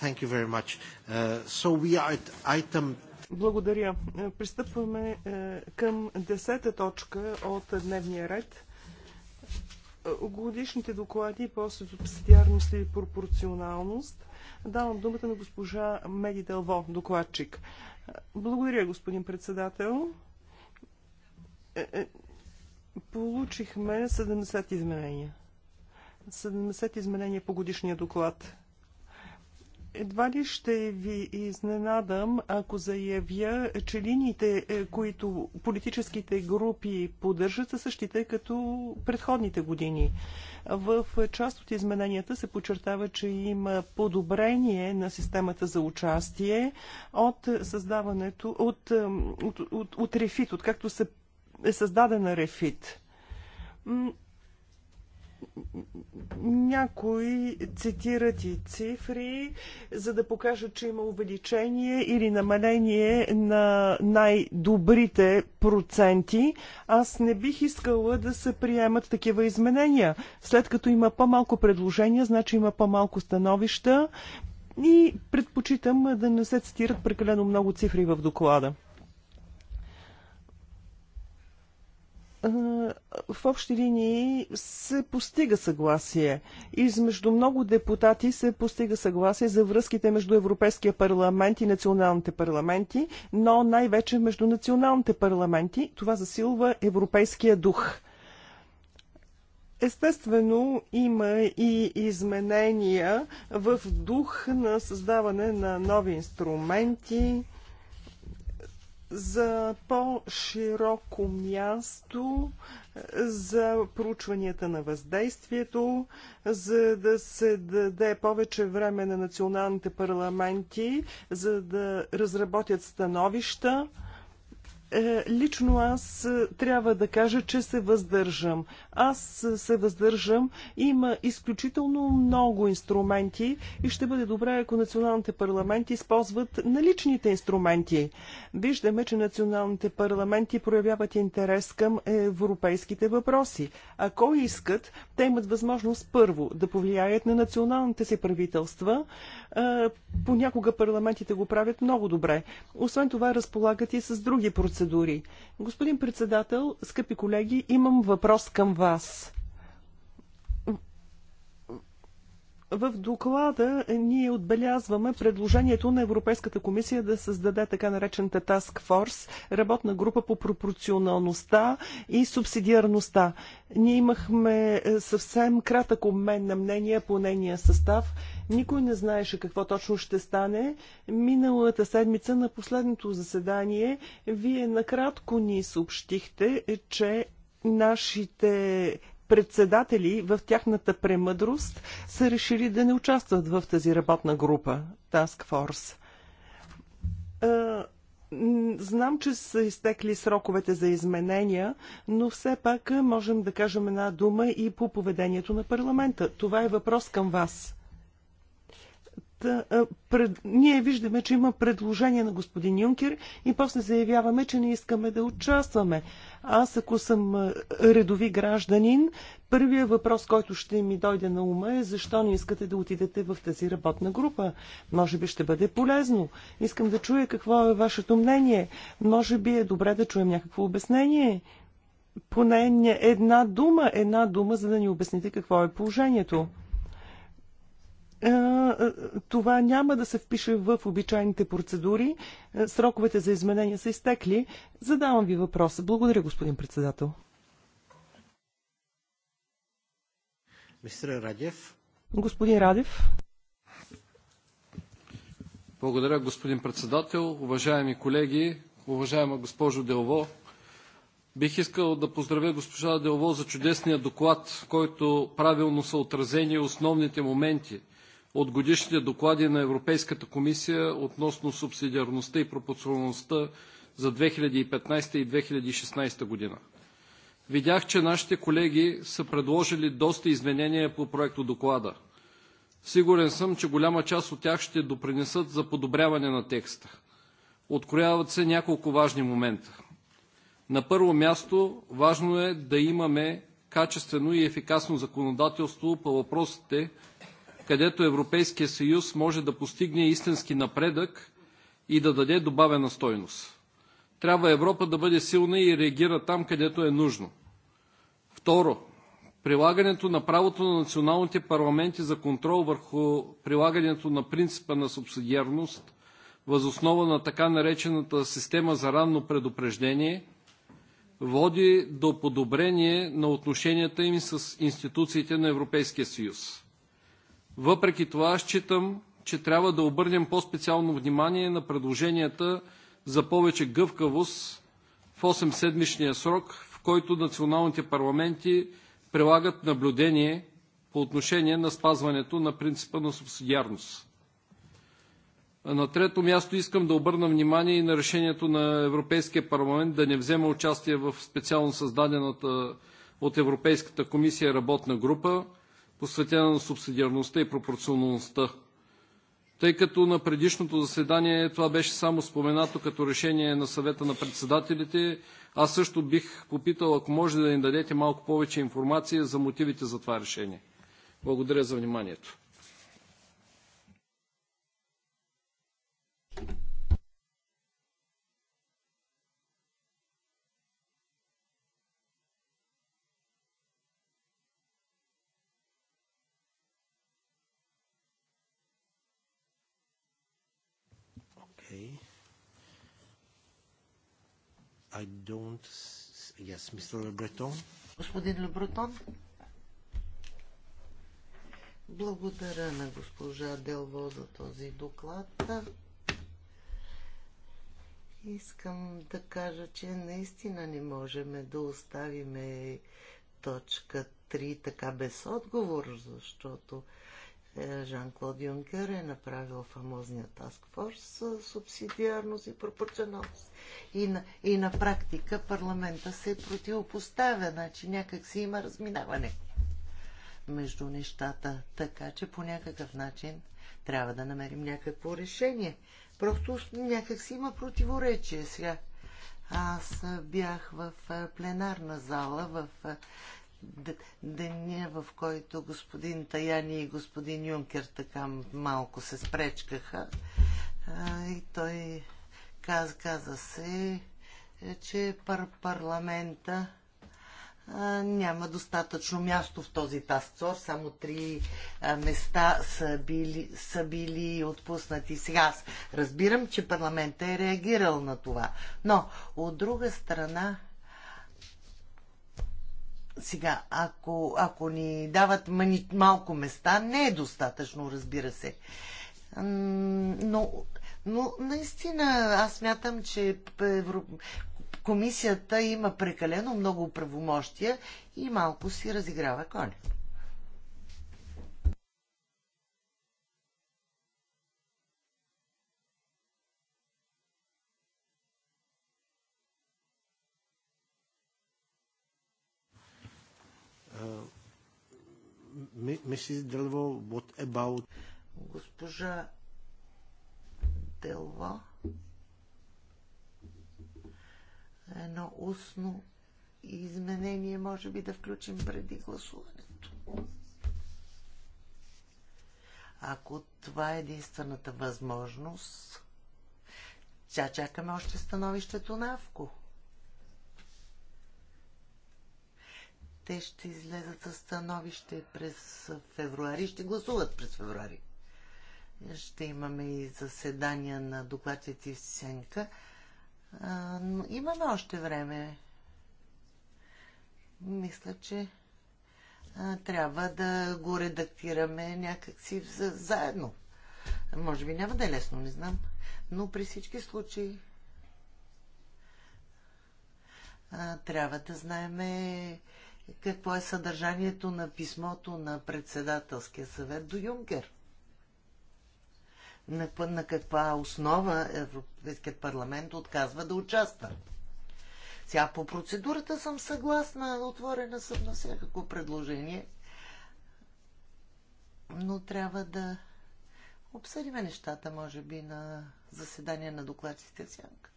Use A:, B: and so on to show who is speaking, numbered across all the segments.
A: Thank you very much. Uh, so we are at item благодаря. Пристъпваме е, към десета точка от дневния ред. Годишните доклади по субсидиарност и пропорционалност. Давам думата на госпожа Меди Дълво, докладчик. Благодаря, господин председател. Е, е, получихме 70 изменения. 70 изменения по годишния доклад. Едва ли ще ви изненадам, ако заявя, че линиите, е, които политическите групи поддържат, са същите като предходните години. В част от измененията се подчертава, че има подобрение на системата за участие от създаването, от, е, от, от, от рефит, от както се е създадена рефит. Някои цитират и цифри, за да покажат, че има увеличение или намаление на най-добрите проценти. Аз не бих искала да се приемат такива изменения. След като има по-малко предложения, значи има по-малко становища и предпочитам да не се цитират прекалено много цифри в доклада. в общи линии се постига съгласие. и между много депутати се постига съгласие за връзките между Европейския парламент и националните парламенти, но най-вече между националните парламенти. Това засилва европейския дух. Естествено, има и изменения в дух на създаване на нови инструменти, за по-широко място е, за проучванията на въздействието, за да се даде повече време на националните парламенти, за да разработят становища. Е, лично аз е, трябва да кажа, че се въздържам. Аз е, се въздържам. Има изключително много инструменти и ще бъде добре, ако националните парламенти използват наличните инструменти. Виждаме, че националните парламенти проявяват интерес към европейските въпроси. Ако искат, те имат възможност първо да повлияят на националните си правителства. Понякога парламентите го правят много добре. Освен това, разполагат и с други процеси процедури. Господин председател, скъпи колеги, имам въпрос към вас. В доклада ние отбелязваме предложението на Европейската комисия да създаде така наречената Task Force, работна група по пропорционалността и субсидиарността. Ние имахме е, съвсем кратък обмен на мнения по нейния състав. Никой не знаеше какво точно ще стане. Миналата седмица на последното заседание вие накратко ни съобщихте, че нашите председатели в тяхната премъдрост са решили да не участват в тази работна група, Task Force. Знам, че са изтекли сроковете за изменения, но все пак можем да кажем една дума и по поведението на парламента. Това е въпрос към вас пред... ние виждаме, че има предложение на господин Юнкер и после заявяваме, че не искаме да участваме. Аз, ако съм редови гражданин, първият въпрос, който ще ми дойде на ума е защо не искате да отидете в тази работна група. Може би ще бъде полезно. Искам да чуя какво е вашето мнение. Може би е добре да чуем някакво обяснение. Поне една дума, една дума, за да ни обясните какво е положението. Е, е, това няма да се впише в обичайните процедури. Е, сроковете за изменения са изтекли. Задавам ви въпроса. Благодаря, господин председател.
B: Мистер Радев.
A: Господин Радев.
B: Благодаря, господин председател. Уважаеми колеги, уважаема госпожо Делво, бих искал да поздравя госпожа Делво за чудесния доклад, който правилно са отразени основните моменти – от годишните доклади на Европейската комисия относно субсидиарността и пропорционалността за 2015 и 2016 година. Видях, че нашите колеги са предложили доста изменения по проекто доклада. Сигурен съм, че голяма част от тях ще допринесат за подобряване на текста. Открояват се няколко важни момента. На първо място, важно е да имаме качествено и ефикасно законодателство по въпросите – където Европейския съюз може да постигне истински напредък и да даде добавена стойност. Трябва Европа да бъде силна и реагира там, където е нужно. Второ, прилагането на правото на националните парламенти за контрол върху прилагането на принципа на субсидиарност възоснова на така наречената система за ранно предупреждение води до подобрение на отношенията им с институциите на Европейския съюз. Въпреки това считам, че трябва да обърнем по-специално внимание на предложенията за повече гъвкавост в 8-седмичния срок, в който националните парламенти прилагат наблюдение по отношение на спазването на принципа на субсидиарност. На трето място искам да обърна внимание и на решението на Европейския парламент да не взема участие в специално създадената от Европейската комисия работна група – посветена на субсидиарността и пропорционалността. Тъй като на предишното заседание това беше само споменато като решение на съвета на председателите, аз също бих попитал, ако може да ни дадете малко повече информация за мотивите за това решение. Благодаря за вниманието.
C: Okay. I don't... Yes, Mr. Le Breton. Господин Le Breton. Благодаря на госпожа Делво за този доклад. Искам да кажа, че наистина не можем да оставим точка 3 така без отговор, защото е, Жан-Клод Юнкер е направил фамозния таскфорс с субсидиарност и пропорционалност. И на, и на практика парламента се противопоставя, значи някак си има разминаване между нещата, така че по някакъв начин трябва да намерим някакво решение. Просто някак си има противоречие сега. Аз бях в пленарна зала в деня, в който господин Таяни и господин Юнкер така малко се спречкаха. И той каза, каза се, е, че пар парламента няма достатъчно място в този тасцор. Само три места са били, са били отпуснати. Сега аз разбирам, че парламентът е реагирал на това. Но, от друга страна, сега, ако, ако ни дават малко места, не е достатъчно, разбира се. Но, но наистина аз мятам, че Евро... комисията има прекалено много правомощия и малко си разиграва коня. what about... Госпожа Делво, едно устно изменение може би да включим преди гласуването. Ако това е единствената възможност, тя чакаме още становището на Авко. Те ще излезат със становище през февруари. Ще гласуват през февруари. Ще имаме и заседания на докладите в Сенка. но имаме още време. Мисля, че трябва да го редактираме някакси заедно. Може би няма да е лесно, не знам. Но при всички случаи трябва да знаеме какво е съдържанието на писмото на председателския съвет до Юнкер. На, на каква основа Европейският парламент отказва да участва. Сега по процедурата съм съгласна, отворена съм на всякакво предложение, но трябва да обсъдиме нещата, може би, на заседание на докладците в сянка.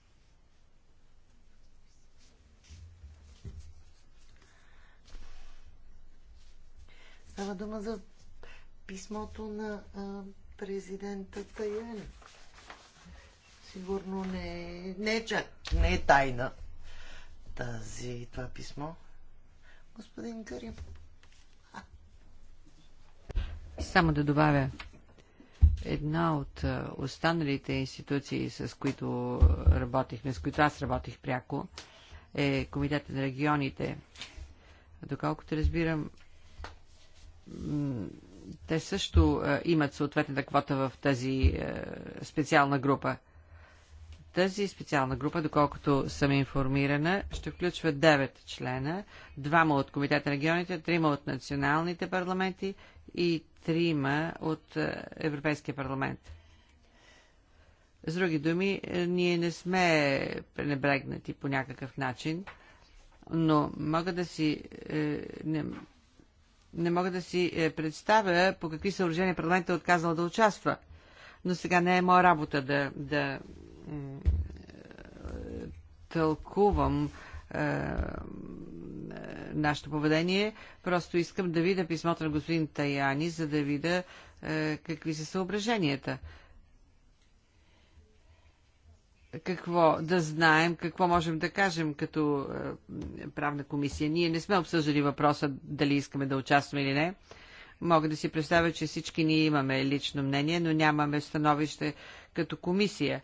C: Става дума за писмото на а, президента Таян. Сигурно не, не е чак, не е тайна тази, това писмо. Господин Карим.
D: Само да добавя, една от останалите институции, с които работихме, с които аз работих пряко, е Комитета на регионите. Доколкото разбирам, те също имат съответната квота в тази специална група. Тази специална група, доколкото съм информирана, ще включва 9 члена, двама от Комитета на регионите, трима от националните парламенти и трима от Европейския парламент. С други думи, ние не сме пренебрегнати по някакъв начин, но мога да си... Е, не, не мога да си е, представя по какви съоръжения парламентът е отказал да участва. Но сега не е моя работа да, да е, тълкувам е, е, нашето поведение. Просто искам да видя писмото на господин Таяни, за да видя е, какви са съображенията. Е, какво да знаем, какво можем да кажем като е, правна комисия. Ние не сме обсъждали въпроса дали искаме да участваме или не. Мога да си представя, че всички ние имаме лично мнение, но нямаме становище като комисия.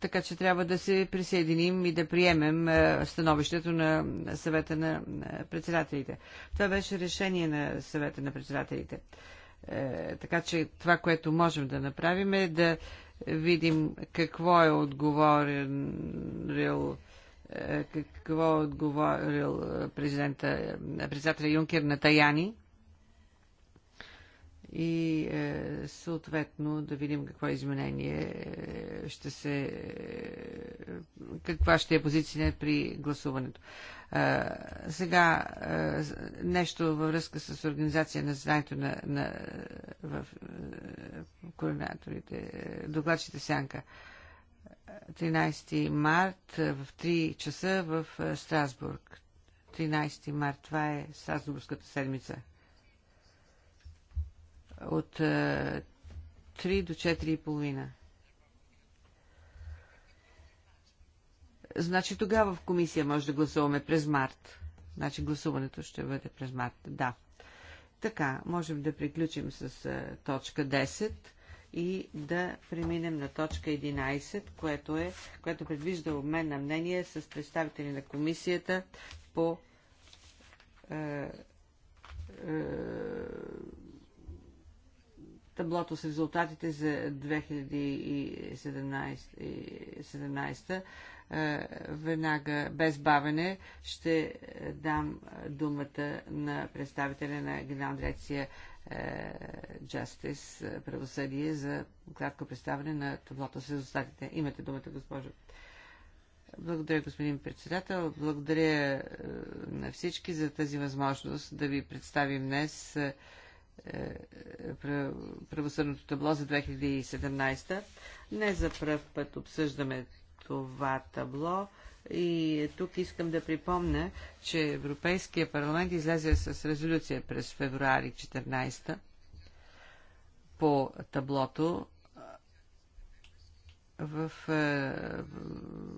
D: Така че трябва да се присъединим и да приемем е, становището на съвета на председателите. Това беше решение на съвета на председателите. Е, така че това, което можем да направим е да видим какво е отговорил е, какво е отговорил е, президента, е, председателя Юнкер на Таяни и е, съответно да видим какво изменение е, ще се. Е, каква ще е позиция при гласуването. Е, сега е, нещо във връзка с организация на знанието на, на в, в, е, координаторите, докладчите Сянка. 13 март в 3 часа в Страсбург. 13 март, това е Страсбургската седмица от 3 е, до 4,5. Значи тогава в комисия може да гласуваме през март. Значи гласуването ще бъде през март. Да. Така, можем да приключим с е, точка 10 и да преминем на точка 11, което, е, което предвижда обмен на мнение с представители на комисията по е, Таблото с резултатите за 2017, е, веднага без бавене ще дам думата на представителя на Генерална дирекция е, Justice, правосъдие, за кратко представяне на таблото с резултатите. Имате думата, госпожо. Благодаря, господин председател. Благодаря е, на всички за тази възможност да ви представим днес е, е, правосъдното табло за 2017. Не за пръв път обсъждаме това табло. И тук искам да припомня, че Европейския парламент излезе с резолюция през февруари 14 по таблото е, в,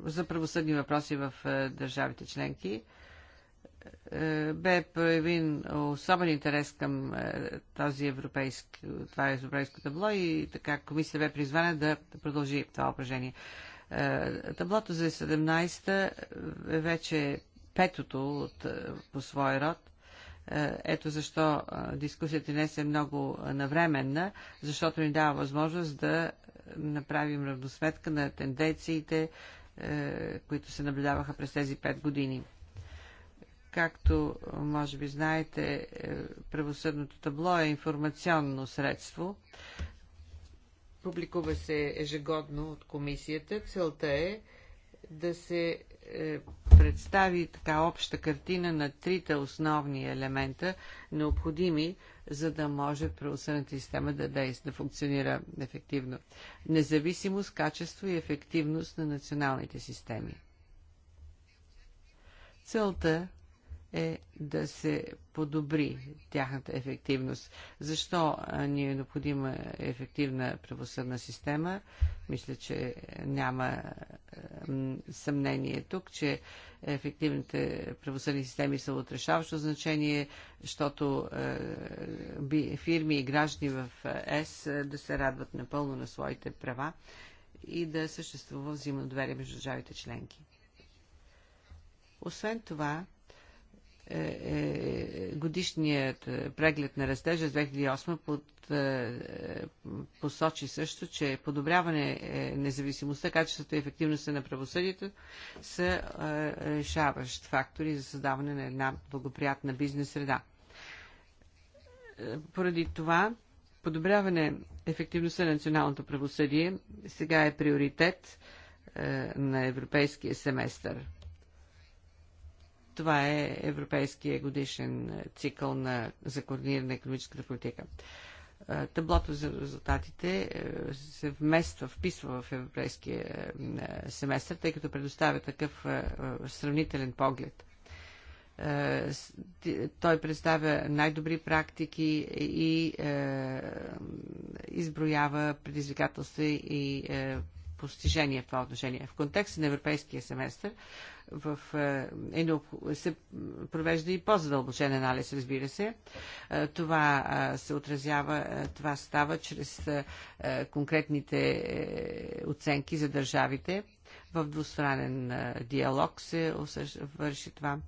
D: за правосъдни въпроси в държавите членки. Е, бе проявен особен интерес към е, този европейски, това е европейско табло и така комисията бе призвана да продължи това упражнение. Таблото за 17-та е вече петото от, по свой род. Ето защо дискусията днес е много навременна, защото ни дава възможност да направим равносметка на тенденциите, които се наблюдаваха през тези пет години. Както може би знаете, е, правосъдното табло е информационно средство. Публикува се ежегодно от комисията. Целта е да се е, представи така обща картина на трите основни елемента, необходими, за да може правосъдната система да действа, да функционира ефективно. Независимост, качество и ефективност на националните системи. Целта е да се подобри тяхната ефективност. Защо ни е необходима ефективна правосъдна система? Мисля, че няма съмнение тук, че ефективните правосъдни системи са от решаващо значение, защото фирми и граждани в ЕС да се радват напълно на своите права и да съществува взаимно доверие между държавите членки. Освен това, е, е, годишният е, преглед на растежа с 2008 под, посочи също, че подобряване независимостта, качеството и ефективността на правосъдието са решаващ фактори за създаване на една благоприятна бизнес среда. Поради това, подобряване ефективността на националното правосъдие сега е приоритет на европейския семестър това е европейския годишен цикъл на, за координиране на економическата политика. Таблото за резултатите е, се вмества, вписва в европейския е, семестър, тъй като предоставя такъв е, сравнителен поглед той представя най-добри практики и изброява предизвикателства и постижения в това отношение. В контекста на европейския семестър в, е, е, се провежда и по-задълбочен анализ, разбира се. Е, това е, се отразява, е, това става чрез конкретните оценки за държавите. В двустранен диалог се върши това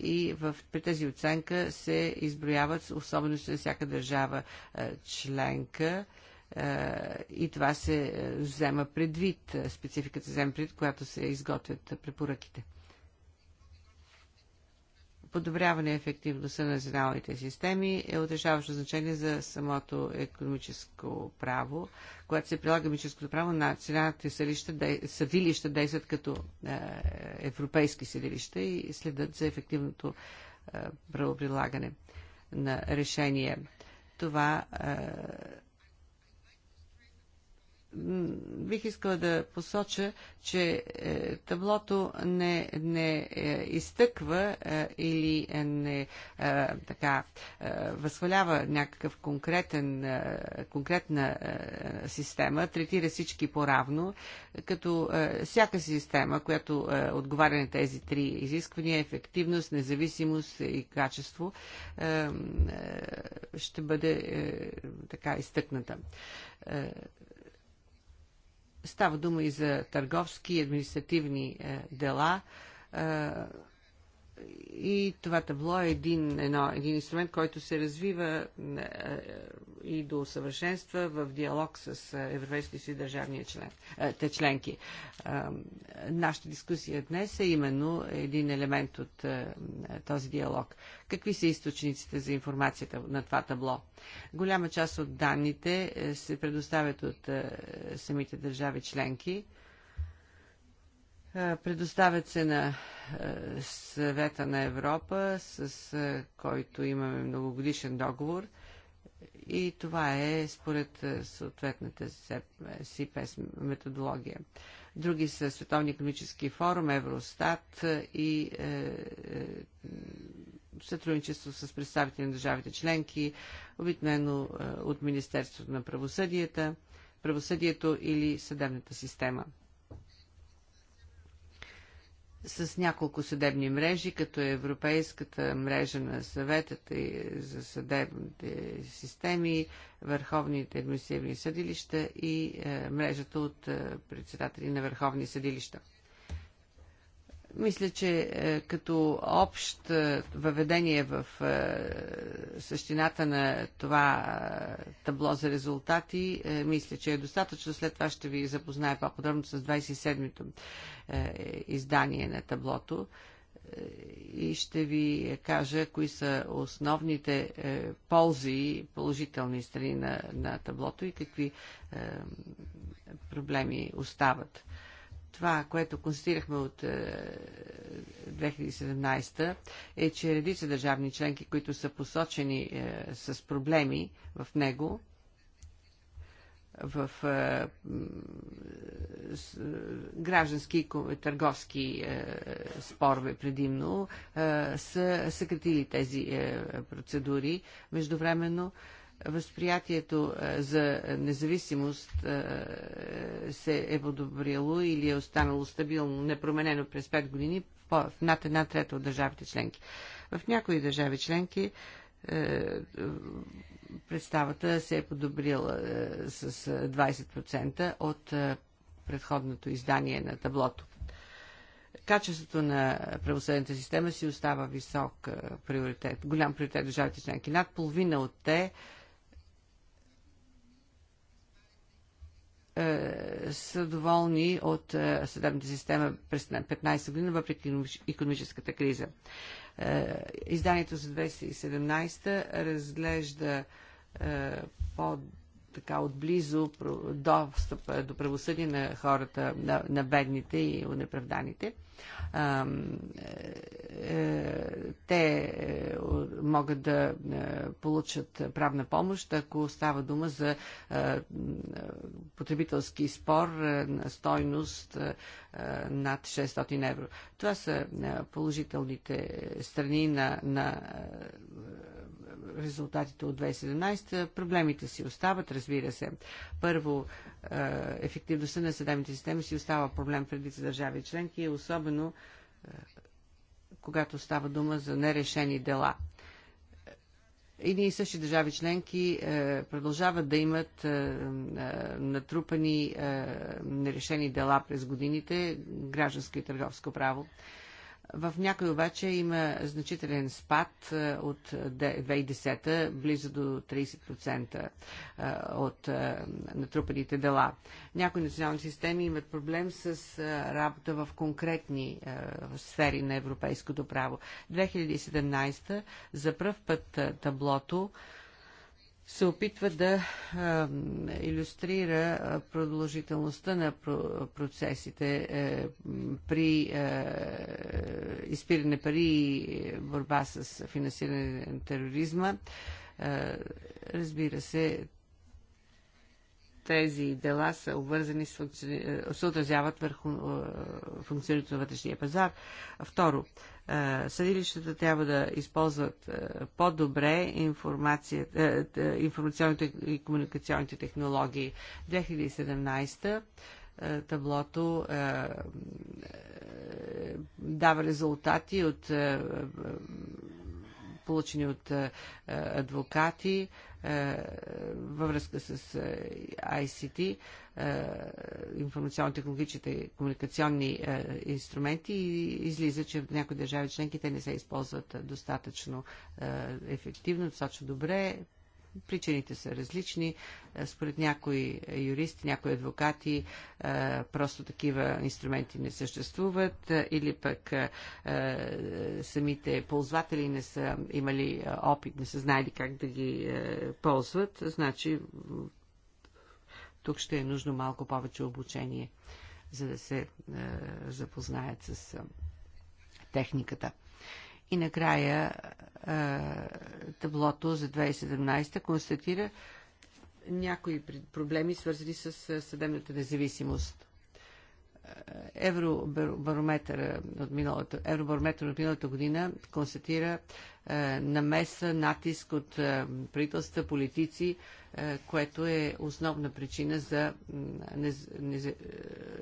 D: и в, при тази оценка се изброяват особености на всяка държава членка е, и това се е, взема предвид, е, спецификата се взема предвид, когато се изготвят препоръките. Подобряване на ефективността на националните системи е отрешаващо значение за самото економическо право. Когато се прилага економическото право, националните съдилища, съдилища действат като европейски съдилища и следят за ефективното правоприлагане на решение. Това бих искала да посоча, че е, таблото не, не е, изтъква е, или не така възхвалява някакъв конкретен, конкретна система, третира всички по-равно, като всяка система, която отговаря на тези три изисквания, ефективност, независимост и качество, ще бъде така изтъкната Става дума и за търговски и административни е, дела е, и това табло е един, едно, един инструмент, който се развива е, е, и до усъвършенства в диалог с Европейските си държавния член, е, те членки. Нашата дискусия днес е именно един елемент от този диалог. Какви са източниците за информацията на това табло? Голяма част от данните се предоставят от самите държави членки. Предоставят се на съвета на Европа, с който имаме многогодишен договор. И това е според съответната СИПЕС методология. Други са Световни економически форум, Евростат и е, е, сътрудничество с представители на държавите членки, обикновено е, от Министерството на правосъдието или съдебната система с няколко съдебни мрежи, като Европейската мрежа на съветата за съдебните системи, Върховните административни съдилища и е, мрежата от е, председатели на Върховни съдилища. Мисля, че е, като общ е, въведение в е, същината на това табло за резултати, мисля, че е достатъчно. След това ще ви запозная по-подробно с 27-то издание на таблото и ще ви кажа кои са основните ползи, положителни страни на, на таблото и какви проблеми остават това, което констатирахме от 2017, е, е, че редица държавни членки, които са посочени е, с проблеми в него, в е, граждански и търговски спорове предимно, са съкратили тези процедури. Междувременно възприятието е, за независимост е, се е подобрило или е останало стабилно, непроменено през 5 години в над една трета от държавите членки. В някои държави членки е, представата се е подобрила с 20% от предходното издание на таблото. Качеството на правосъдната система си остава висок приоритет, голям приоритет държавите членки. Над половина от те Е, са доволни от е, съдебната система през 15 години, въпреки економическата криза. Е, изданието за 2017 разглежда по така отблизо достъп до правосъдие на хората, на, на бедните и унеправданите. Е, е, те е, могат да получат правна помощ, ако става дума за потребителски спор на стойност над 600 евро. Това са положителните страни на, на резултатите от 2017. Проблемите си остават, разбира се. Първо, е, ефективността на съдебните системи си остава проблем преди държави членки, особено е, когато става дума за нерешени дела. Едни и същи държави членки е, продължават да имат натрупани нерешени дела през годините, гражданско и търговско право. В някои обаче има значителен спад е, от 2010 та близо до 30% е, от е, натрупаните дела. Някои национални системи имат проблем с работа в конкретни сфери на европейското право. 2017 за първ път таблото се опитва да а, иллюстрира продължителността на процесите а, е, при а, е, изпиране пари и борба с финансиране на тероризма. А, е, разбира се, тези дела са обвързани с функци... Е, се отразяват върху е, функционирането на вътрешния пазар. Второ, е, съдилищата трябва да използват по-добре информационните и комуникационните технологии. 2017 таблото е, е, дава резултати от е, получени от е, е, адвокати е, във връзка с ICT, информационно-технологичните и комуникационни инструменти и излиза, че в някои държави членки те не се използват достатъчно ефективно, достатъчно добре, Причините са различни. Е, според някои юристи, някои адвокати, е, просто такива инструменти не съществуват е, или пък самите ползватели не са имали опит, не са знаели как да ги ползват. Значи тук ще е нужно малко повече обучение, за да се запознаят с техниката. И накрая таблото за 2017 констатира някои проблеми, свързани с съдебната независимост. Евробарометър от миналата, Евробарометър от миналата година констатира е, намеса, натиск от е, правителства, политици, е, което е основна причина за не, не,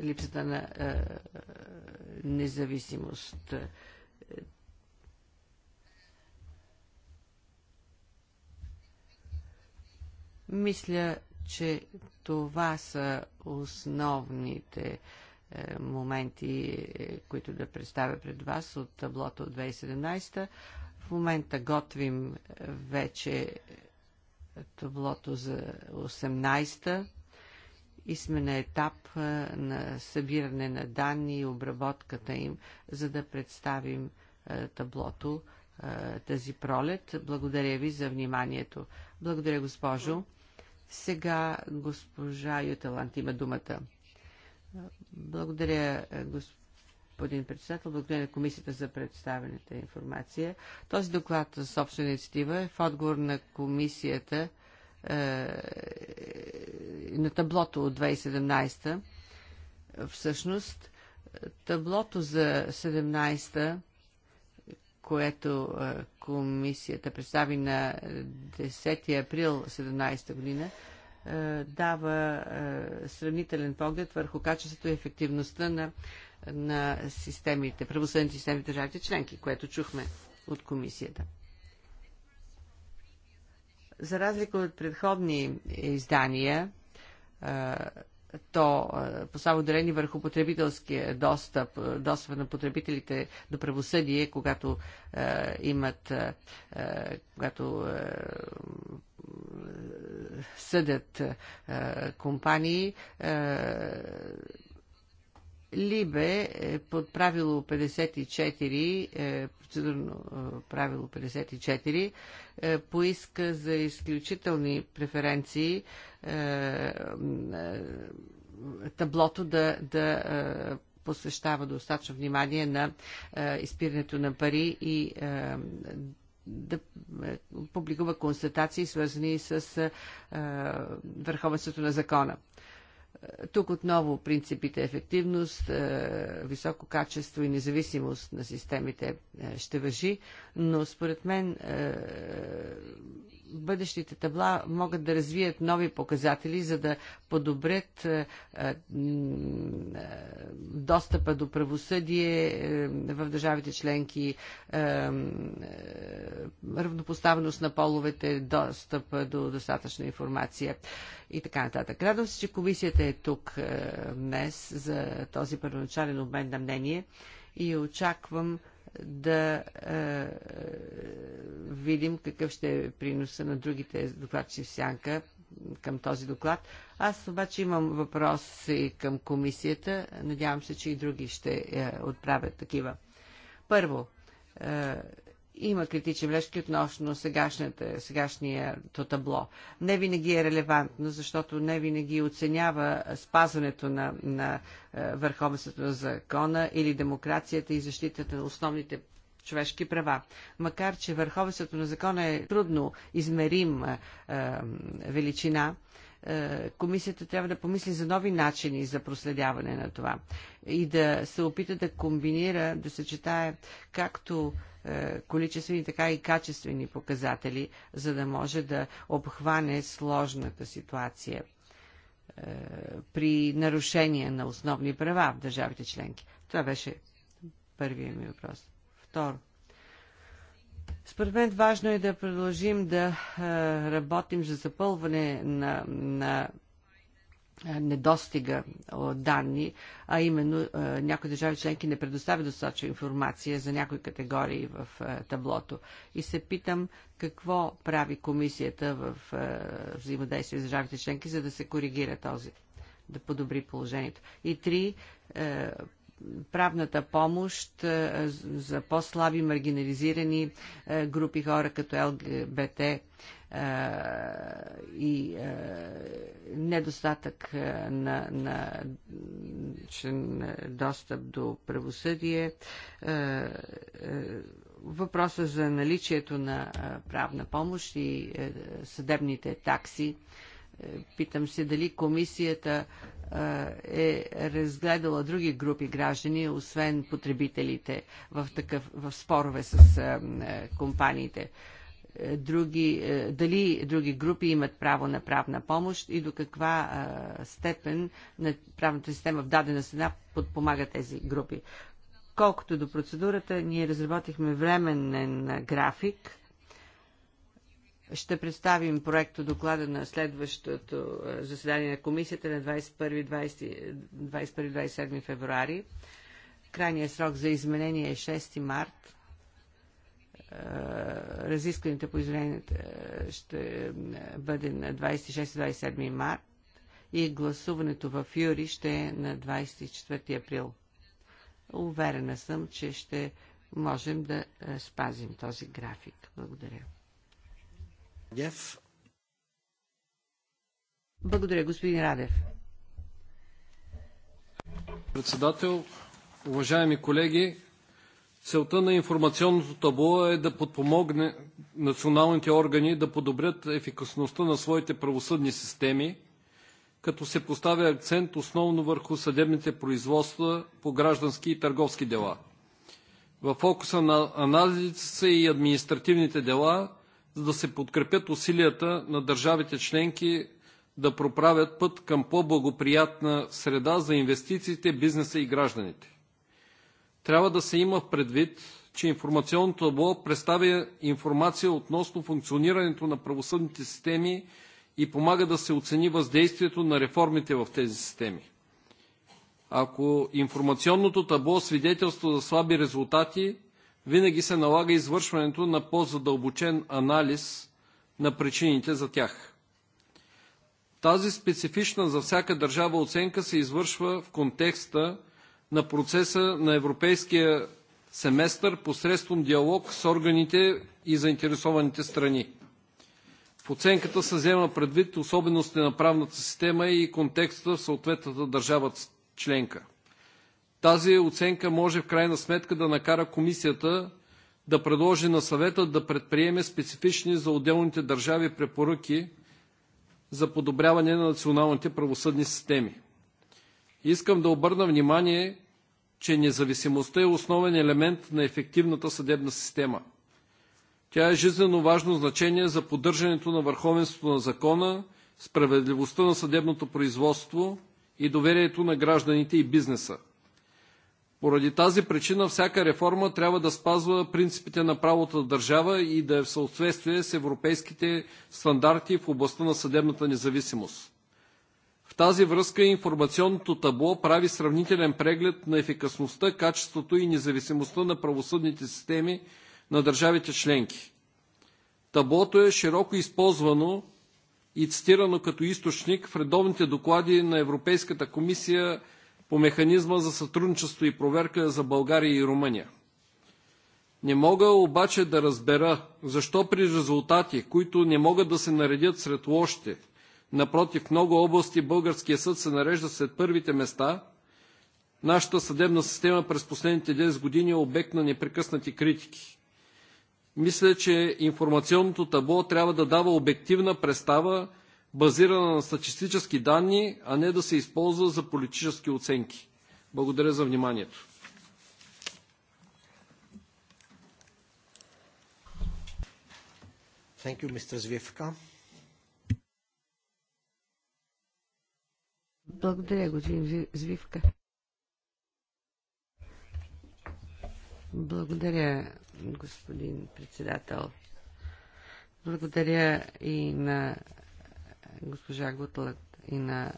D: липсата на е, независимост. Мисля, че това са основните е, моменти, е, които да представя пред вас от таблото от 2017. В момента готвим е, вече таблото за 18-та и сме на етап на събиране на данни и обработката им, за да представим таблото тази пролет. Благодаря ви за вниманието. Благодаря, госпожо. Сега госпожа Юталант има думата. Благодаря, господин председател. Благодаря на комисията за представената информация. Този доклад за собствена инициатива е в отговор на комисията е, на таблото от 2017. Всъщност, таблото за 17 което комисията представи на 10 април 2017 година, дава сравнителен поглед върху качеството и ефективността на, на системите, правосъдните системи в държавите членки, което чухме от комисията. За разлика от предходни издания, то по само дарени върху потребителския достъп, достъп на потребителите до правосъдие, когато е, имат, е, когато е, съдят е, компании. Е, Либе е под правило 54, е, процедурно е, правило 54, поиска за изключителни преференции таблото да, да посвещава достатъчно внимание на изпирането на пари и да публикува констатации, свързани с върховенството на закона. Тук отново принципите ефективност, е, високо качество и независимост на системите е, ще въжи, но според мен е, бъдещите табла могат да развият нови показатели, за да подобрят е, е, е, достъпа до правосъдие в държавите членки, равнопоставеност на половете, достъп до достатъчна информация и така нататък. Радвам се, че комисията е тук днес за този първоначален обмен на мнение и очаквам да а, е, видим какъв ще е приноса на другите докладчи в сянка към този доклад. Аз обаче имам въпрос и към комисията. Надявам се, че и други ще е, отправят такива. Първо, е, има критични бележки относно сегашното табло. Не винаги е релевантно, защото не винаги оценява спазването на, на е, върховенството на закона или демокрацията и защитата на основните човешки права. Макар, че върховенството на закона е трудно измерим е, е величина, е, комисията трябва да помисли за нови начини за проследяване на това и да се опита да комбинира, да съчетае както е, количествени, така и качествени показатели, за да може да обхване сложната ситуация е, при нарушение на основни права в държавите членки. Това беше първият ми въпрос. Второ. Според мен важно е да продължим да работим за запълване на, на недостига от данни, а именно някои държави членки не предоставят достатъчно информация за някои категории в таблото. И се питам какво прави комисията в взаимодействие с държавите членки, за да се коригира този, да подобри положението. И три, правната помощ е, за по-слаби маргинализирани е, групи хора като ЛГБТ е, и недостатък на, на достъп до правосъдие, въпроса за наличието на правна помощ и съдебните такси. Питам се дали комисията е, е разгледала други групи граждани, освен потребителите в, такъв, в спорове с е, е, компаниите. Други, дали други групи имат право на правна помощ и до каква степен на правната система в дадена страна подпомага тези групи. Колкото до процедурата, ние разработихме временен график – ще представим проекто доклада на следващото е, заседание на комисията на 21-27 февруари. Крайният срок за изменение е 6 март е, Разискването по изменението ще е, бъде на 26-27 март и гласуването в Юри ще е на 24 април. Уверена съм, че ще можем да спазим този график. Благодаря. Радев. Благодаря, господин Радев.
B: Председател, уважаеми колеги, целта на информационното табло е да подпомогне националните органи да подобрят ефикасността на своите правосъдни системи, като се поставя акцент основно върху съдебните производства по граждански и търговски дела. В фокуса на анализите са и административните дела – за да се подкрепят усилията на държавите членки да проправят път към по-благоприятна среда за инвестициите, бизнеса и гражданите. Трябва да се има предвид, че информационното табло представя информация относно функционирането на правосъдните системи и помага да се оцени въздействието на реформите в тези системи. Ако информационното табло свидетелства за слаби резултати, винаги се налага извършването на по-задълбочен анализ на причините за тях. Тази специфична за всяка държава оценка се извършва в контекста на процеса на европейския семестър посредством диалог с органите и заинтересованите страни. В оценката се взема предвид особености на правната система и контекста в съответната държава членка. Тази оценка може в крайна сметка да накара комисията да предложи на съвета да предприеме специфични за отделните държави препоръки за подобряване на националните правосъдни системи. Искам да обърна внимание, че независимостта е основен елемент на ефективната съдебна система. Тя е жизненно важно значение за поддържането на върховенството на закона, справедливостта на съдебното производство и доверието на гражданите и бизнеса. Поради тази причина всяка реформа трябва да спазва принципите на правото на държава и да е в съответствие с европейските стандарти в областта на съдебната независимост. В тази връзка информационното табло прави сравнителен преглед на ефикасността, качеството и независимостта на правосъдните системи на държавите членки. Таблото е широко използвано и цитирано като източник в редовните доклади на Европейската комисия по механизма за сътрудничество и проверка за България и Румъния. Не мога обаче да разбера защо при резултати, които не могат да се наредят сред лошите, напротив, много области българския съд се нарежда след първите места, нашата съдебна система през последните 10 години е обект на непрекъснати критики. Мисля, че информационното табло трябва да дава обективна представа базирана на статистически данни, а не да се използва за политически оценки. Благодаря за вниманието.
C: Thank you, Mr. Zvivka. Благодаря,
D: господин Звивка. Благодаря, господин председател. Благодаря и на госпожа Гутлът и на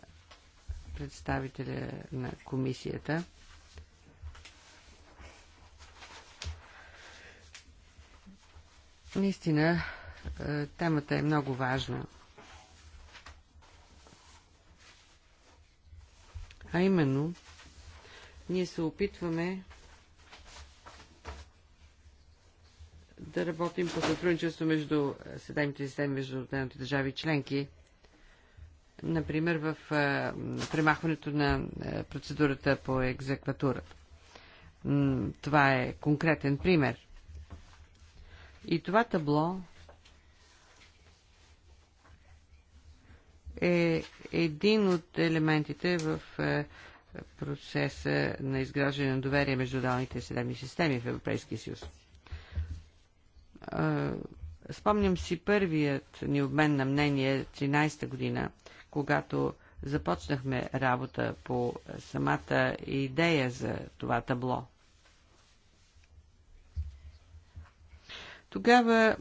D: представителя на комисията. Наистина, е, темата е много важна. А именно, ние се опитваме да работим по сътрудничество между съдебните системи, между отделните държави членки – например в премахването на процедурата по екзекватура. Това е конкретен пример. И това табло е един от елементите в процеса на изграждане на доверие между отделните съдебни системи в Европейския съюз. Спомням си първият ни обмен на мнение 13-та година – когато започнахме работа по самата идея за това табло. Тогава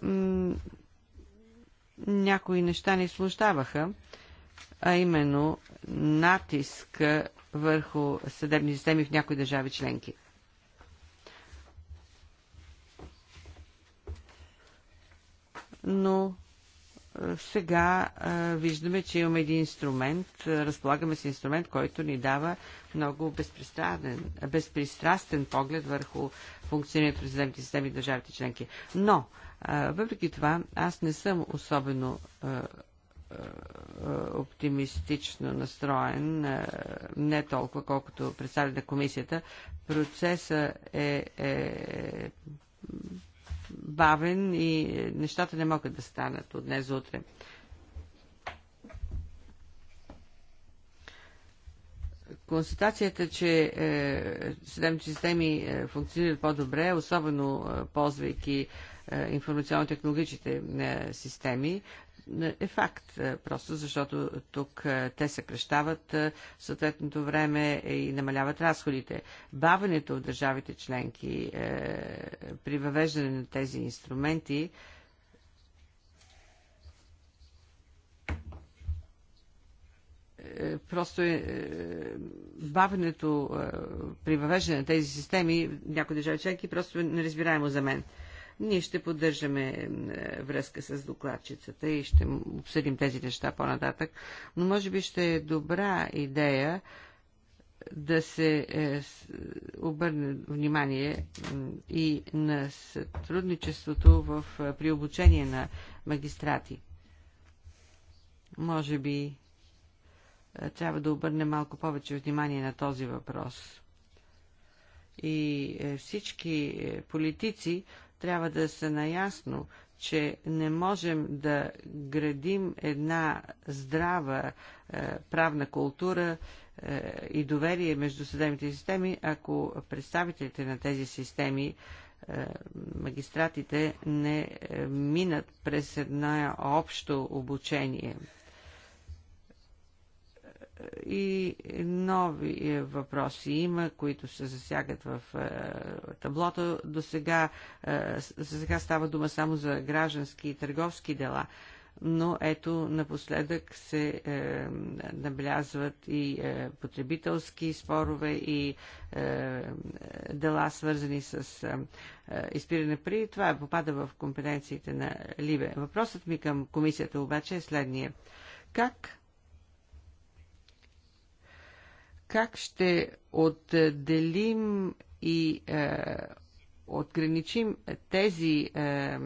D: някои неща ни служдаваха, а именно натиск върху съдебни системи в някои държави членки. Но сега а, виждаме, че имаме един инструмент, разполагаме с инструмент, който ни дава много безпристрастен, безпристрастен поглед върху функционирането на съдебните системи и държавите членки. Но, а, въпреки това, аз не съм особено а, оптимистично настроен, не толкова, колкото представи на комисията. Процесът е, е бавен и нещата не могат да станат от днес за утре. Констатацията, че е, съдебните системи е, функционират по-добре, особено е, ползвайки е, информационно-технологичните е, системи, е факт, е, просто защото тук е, те съкрещават е, съответното време и намаляват разходите. Бавенето от държавите членки при въвеждане на тези инструменти просто е, бавенето е, при въвеждане на тези системи някои държави членки просто е неразбираемо за мен. Ние ще поддържаме е, връзка с докладчицата и ще обсъдим тези неща по-нататък, но може би ще е добра идея да се е, обърне внимание и на сътрудничеството в, е, при обучение на магистрати. Може би трябва да обърне малко повече внимание на този въпрос. И всички политици трябва да са наясно, че не можем да градим една здрава е, правна култура е, и доверие между съдебните системи, ако представителите на тези системи, е, магистратите, не е, минат през едно общо обучение и нови е, въпроси има, които се засягат в е, таблото. До сега, е, за сега става дума само за граждански и търговски дела но ето напоследък се е, набелязват и е, потребителски спорове и е, дела свързани с е, изпиране при. Това попада в компетенциите на Либе. Въпросът ми към комисията обаче е следния. Как как ще отделим и е, отграничим тези е,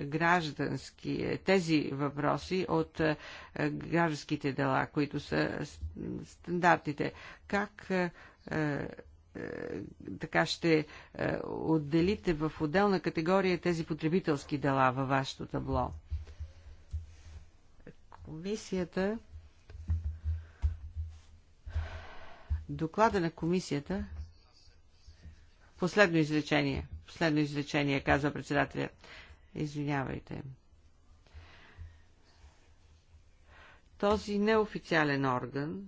D: граждански, е, тези въпроси от е, гражданските дела, които са стандартите. Как е, е, така ще е, отделите в отделна категория тези потребителски дела във вашето табло? Комисията доклада на комисията. Последно изречение. Последно изречение, каза председателя. Извинявайте. Този неофициален орган,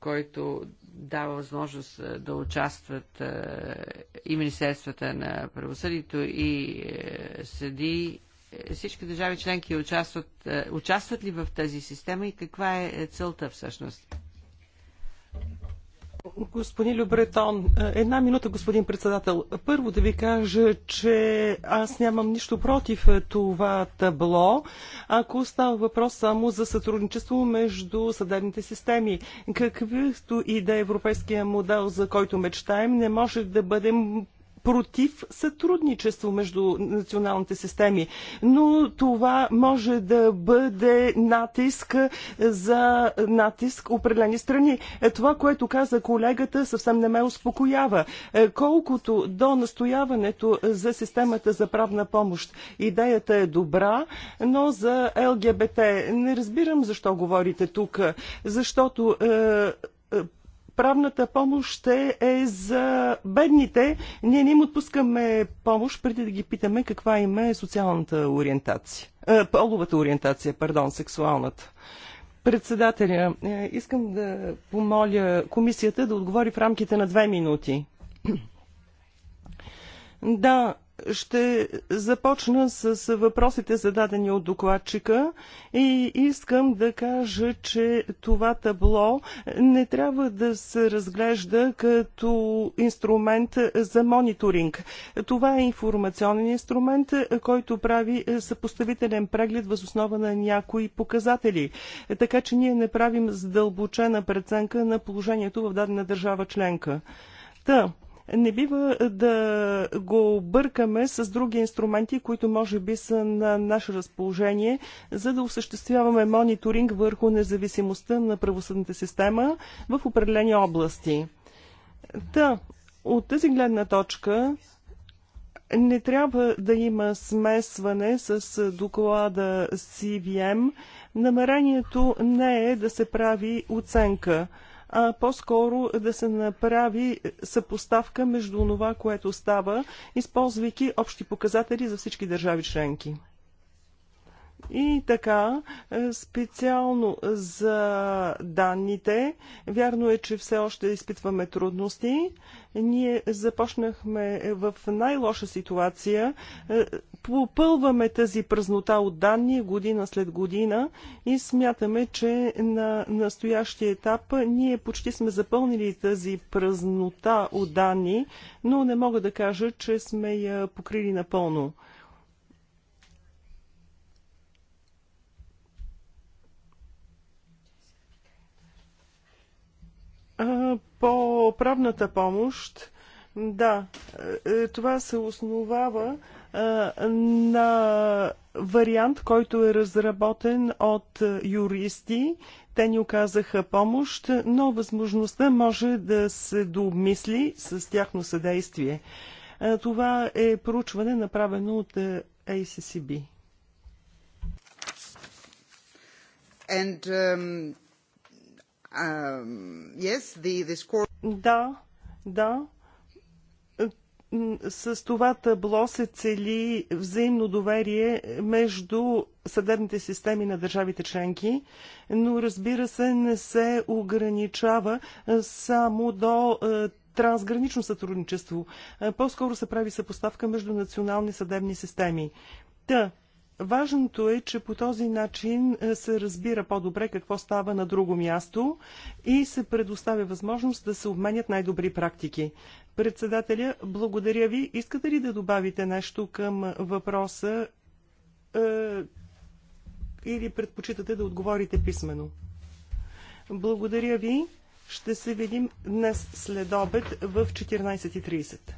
D: който дава възможност е, да участват е, и Министерствата на правосъдието, и е, съди, всички държави членки участват, е, участват ли в тази система и каква е, е целта всъщност?
A: Господин Любретон, е, една минута, господин председател. Първо да ви кажа, че аз нямам нищо против това табло, ако става въпрос само за сътрудничество между съдебните системи. Каквито и да е европейския модел, за който мечтаем, не може да бъдем против сътрудничество между националните системи, но това може да бъде натиск за натиск определени страни. Е, това, което каза колегата, съвсем не ме успокоява. Е, колкото до настояването за системата за правна помощ, идеята е добра, но за ЛГБТ не разбирам защо говорите тук, защото е, правната помощ е за бедните. Ние не им отпускаме помощ преди да ги питаме каква им е социалната ориентация. Е, половата ориентация, пардон, сексуалната. Председателя, е, искам да помоля комисията да отговори в рамките на две минути. Да, ще започна с въпросите зададени от докладчика и искам да кажа, че това табло не трябва да се разглежда като инструмент за мониторинг. Това е информационен инструмент, който прави съпоставителен преглед въз основа на някои показатели. Така че ние не правим задълбочена преценка на положението в дадена държава членка. Та, да. Не бива да го бъркаме с други инструменти, които може би са на наше разположение, за да осъществяваме мониторинг върху независимостта на правосъдната система в определени области. Та, от тази гледна точка не трябва да има смесване с доклада CVM. Намерението не е да се прави оценка а по-скоро да се направи съпоставка между това, което става, използвайки общи показатели за всички държави членки. И така, е, специално за данните, вярно е, че все още изпитваме трудности. Ние започнахме в най-лоша ситуация е, попълваме тази празнота от данни година след година и смятаме, че на настоящия етап ние почти сме запълнили тази празнота от данни, но не мога да кажа, че сме я покрили напълно. По правната помощ да, е, е, това се основава е, на вариант, който е разработен от юристи. Те ни оказаха помощ, но възможността може да се домисли с тяхно съдействие. Това е проучване, направено от ACCB.
C: And, um, um, yes, the, the score... Да,
A: да. С това табло се цели взаимно доверие между съдебните системи на държавите членки, но разбира се не се ограничава само до е, трансгранично сътрудничество. Е, по-скоро се прави съпоставка между национални съдебни системи. Та, да. Важното е, че по този начин е, се разбира по-добре какво става на друго място и се предоставя възможност да се обменят най-добри практики. Председателя, благодаря ви. Искате ли да добавите нещо към въпроса е, или предпочитате да отговорите писменно? Благодаря ви. Ще се видим днес след обед
D: в 14.30.